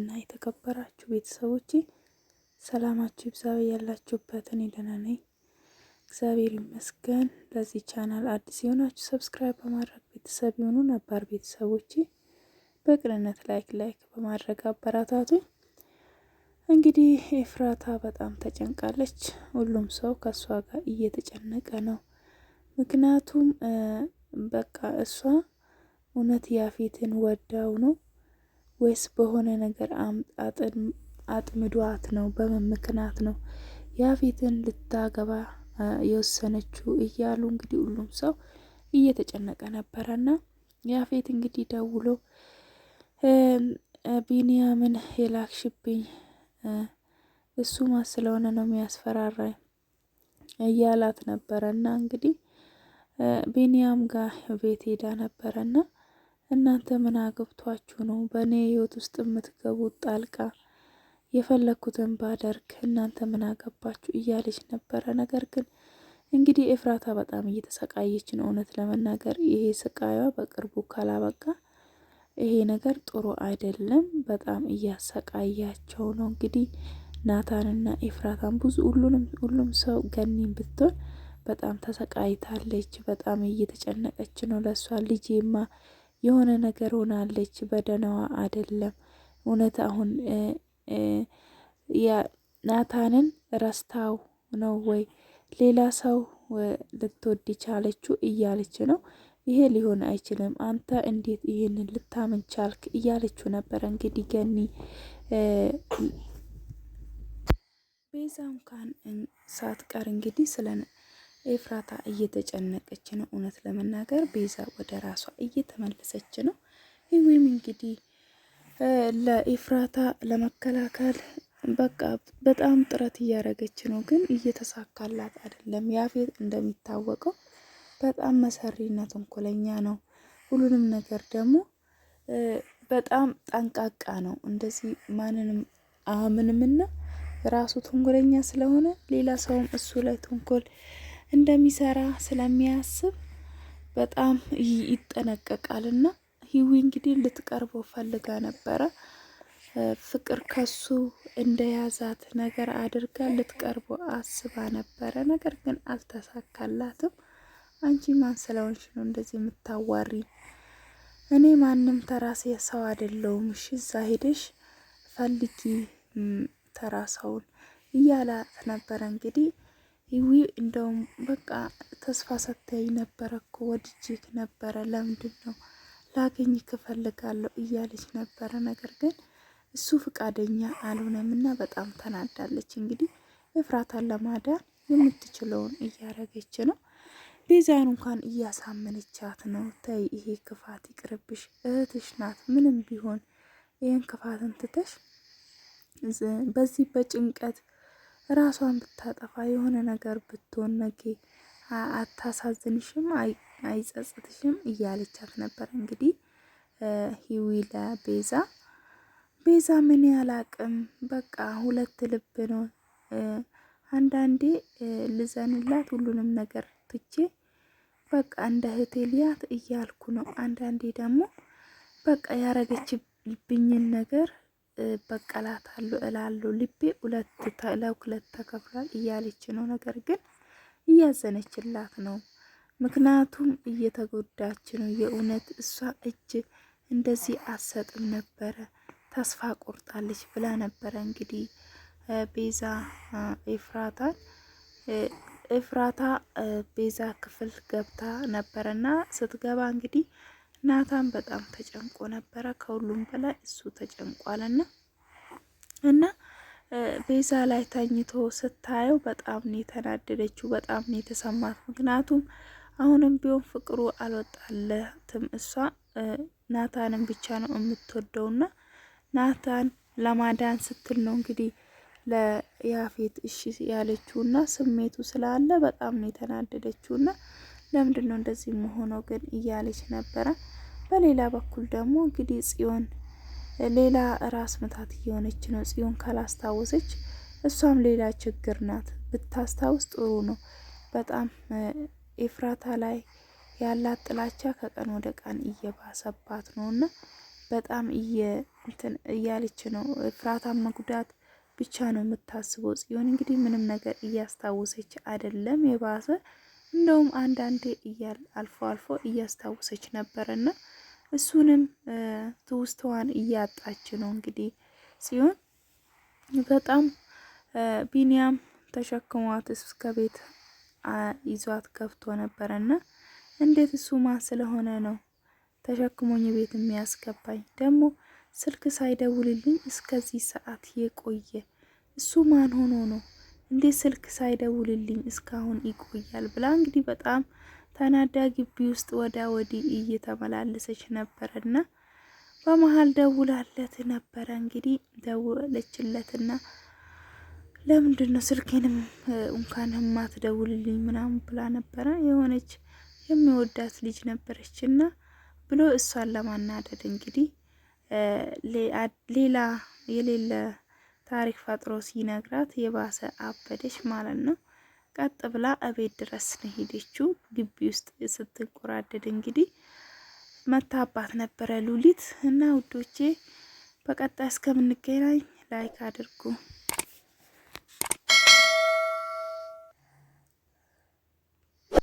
እና የተከበራችሁ ቤተሰቦች ሰላማችሁ ይብዛ ያላችሁበት። እኔ ደህና ነኝ፣ እግዚአብሔር ይመስገን። ለዚህ ቻናል አዲስ የሆናችሁ ሰብስክራይብ በማድረግ ቤተሰብ የሆኑ ነባር ቤተሰቦች በቅንነት ላይክ ላይክ በማድረግ አበረታቱ። እንግዲህ ኤፍራታ በጣም ተጨንቃለች። ሁሉም ሰው ከእሷ ጋር እየተጨነቀ ነው። ምክንያቱም በቃ እሷ እውነት ያፌትን ወዳው ነው ወይስ በሆነ ነገር አጥምዷት ነው? በምን ምክንያት ነው ያፌትን ልታገባ የወሰነችው? እያሉ እንግዲህ ሁሉም ሰው እየተጨነቀ ነበረ ነበረና ያፌት እንግዲህ ደውሎ ቢንያምን የላክሽብኝ እሱ እሱማ ስለሆነ ነው የሚያስፈራራኝ እያላት ነበረ ነበረና እንግዲህ ቢንያም ጋር ቤት ሄዳ ነበረ ነበረና እናንተ ምን አግብቷችሁ ነው በእኔ ህይወት ውስጥ የምትገቡት ጣልቃ? የፈለግኩትን ባደርግ እናንተ ምን አገባችሁ እያለች ነበረ። ነገር ግን እንግዲህ ኤፍራታ በጣም እየተሰቃየች ነው። እውነት ለመናገር ይሄ ስቃዩ በቅርቡ ካላበቃ ይሄ ነገር ጥሩ አይደለም። በጣም እያሰቃያቸው ነው። እንግዲህ ናታንና ኤፍራታን ብዙ ሁሉንም ሁሉም ሰው ገኒም ብትሆን በጣም ተሰቃይታለች። በጣም እየተጨነቀች ነው ለእሷ ልጄማ የሆነ ነገር ሆናለች፣ በደህናዋ አይደለም። እውነት አሁን ናታንን ረስታው ነው ወይ ሌላ ሰው ልትወድ ቻለችው እያለች ነው። ይሄ ሊሆን አይችልም፣ አንተ እንዴት ይህንን ልታምን ቻልክ እያለችው ነበረ። እንግዲህ ገኒ ቤዛ እንኳን ሳትቀር እንግዲህ ስለ ኤፍራታ እየተጨነቀች ነው። እውነት ለመናገር ቤዛ ወደ ራሷ እየተመለሰች ነው። ይህም እንግዲህ ለኤፍራታ ለመከላከል በቃ በጣም ጥረት እያደረገች ነው፣ ግን እየተሳካላት አይደለም። ያፌት እንደሚታወቀው በጣም መሰሪና ተንኮለኛ ነው። ሁሉንም ነገር ደግሞ በጣም ጠንቃቃ ነው። እንደዚህ ማንንም አምንምና ራሱ ተንኮለኛ ስለሆነ ሌላ ሰውም እሱ ላይ ተንኮል እንደሚሰራ ስለሚያስብ በጣም ይጠነቀቃልና ሂዊ እንግዲህ ልትቀርበው ፈልጋ ነበረ። ፍቅር ከሱ እንደያዛት ነገር አድርጋ ልትቀርቦ አስባ ነበረ። ነገር ግን አልተሳካላትም። አንቺ ማን ስለሆንሽ ነው እንደዚህ የምታዋሪ? እኔ ማንም ተራሴ ሰው አይደለሁም። እሺ እዛ ሄደሽ ፈልጊ ተራሰውን እያላት ነበረ እንግዲህ ይዊ እንደውም በቃ ተስፋ ሰታይ ነበረ እኮ ወድጄክ ነበረ፣ ለምንድን ነው ላገኝ ክፈልጋለሁ እያለች ነበረ። ነገር ግን እሱ ፍቃደኛ አልሆነም እና በጣም ተናዳለች። እንግዲህ እፍራታን ለማዳን የምትችለውን እያረገች ነው። ቤዛን እንኳን እያሳመነቻት ነው። ተይ ይሄ ክፋት ይቅርብሽ፣ እህትሽ ናት። ምንም ቢሆን ይህን ክፋትን ትተሽ በዚህ በጭንቀት ራሷን ብታጠፋ የሆነ ነገር ብትሆን ነገ አታሳዝንሽም፣ አይጸጽትሽም እያለቻት ነበር። እንግዲህ ሂዊ ለቤዛ ቤዛ ምን ያህል አቅም በቃ ሁለት ልብ ነው። አንዳንዴ ልዘንላት ሁሉንም ነገር ትቼ በቃ እንደ እህቴ ልያት እያልኩ ነው። አንዳንዴ ደግሞ በቃ ያረገችብኝን ነገር በቀላታሉ እላሉ ልቤ ሁለት ለሁለት ተከፍሏል እያለች ነው። ነገር ግን እያዘነችላት ነው። ምክንያቱም እየተጎዳች ነው። የእውነት እሷ እጅ እንደዚህ አሰጥም ነበረ ተስፋ ቆርጣለች ብላ ነበረ። እንግዲህ ቤዛ ኤፍራታን ኤፍራታ ቤዛ ክፍል ገብታ ነበረና ስትገባ እንግዲህ ናታን በጣም ተጨንቆ ነበረ። ከሁሉም በላይ እሱ ተጨንቋል እና እና ቤዛ ላይ ተኝቶ ስታየው በጣም ነው የተናደደችው፣ በጣም ነው የተሰማት። ምክንያቱም አሁንም ቢሆን ፍቅሩ አልወጣለትም። እሷ ናታንን ብቻ ነው የምትወደውና ናታን ለማዳን ስትል ነው እንግዲህ ለያፌት እሺ ያለችውና ስሜቱ ስላለ በጣም ነው የተናደደችውና ለምንድን ነው እንደዚህ መሆነው ግን እያለች ነበረ። በሌላ በኩል ደግሞ እንግዲህ ጽዮን ሌላ ራስ ምታት እየሆነች ነው። ጽዮን ካላስታወሰች እሷም ሌላ ችግር ናት። ብታስታውስ ጥሩ ነው። በጣም ኤፍራታ ላይ ያላት ጥላቻ ከቀን ወደ ቀን እየባሰባት ነው እና በጣም እያለች ነው። ኤፍራታን መጉዳት ብቻ ነው የምታስበው። ጽዮን እንግዲህ ምንም ነገር እያስታወሰች አይደለም የባሰ እንደውም አንዳንዴ እያል አልፎ አልፎ እያስታወሰች ነበርና እሱንም ትውስተዋን እያጣች ነው። እንግዲህ ሲሆን በጣም ቢኒያም ተሸክሟት እስከ ቤት ይዟት ገብቶ ነበረና እንዴት እሱ ማን ስለሆነ ነው ተሸክሞኝ ቤት የሚያስገባኝ ደግሞ ስልክ ሳይደውልልኝ እስከዚህ ሰዓት የቆየ እሱ ማን ሆኖ ነው? እንዴት ስልክ ሳይደውልልኝ እስካሁን ይቆያል ብላ እንግዲህ በጣም ተናዳ ግቢ ውስጥ ወዳ ወዲህ እየተመላለሰች ነበረና በመሀል ደውላለት ነበረ። እንግዲህ ደውለችለትና ለምንድን ነው ስልኬንም እንኳን ህማት ደውልልኝ ምናምን ብላ ነበረ። የሆነች የሚወዳት ልጅ ነበረች እና ብሎ እሷን ለማናደድ እንግዲህ ሌላ የሌለ ታሪክ ፈጥሮ ሲነግራት የባሰ አበደች ማለት ነው። ቀጥ ብላ እቤት ድረስ ነው ሄደችው። ግቢ ውስጥ ስትንቆራደድ እንግዲህ መታባት ነበረ ሉሊት እና ውዶቼ፣ በቀጣይ እስከምንገናኝ ላይክ አድርጉ።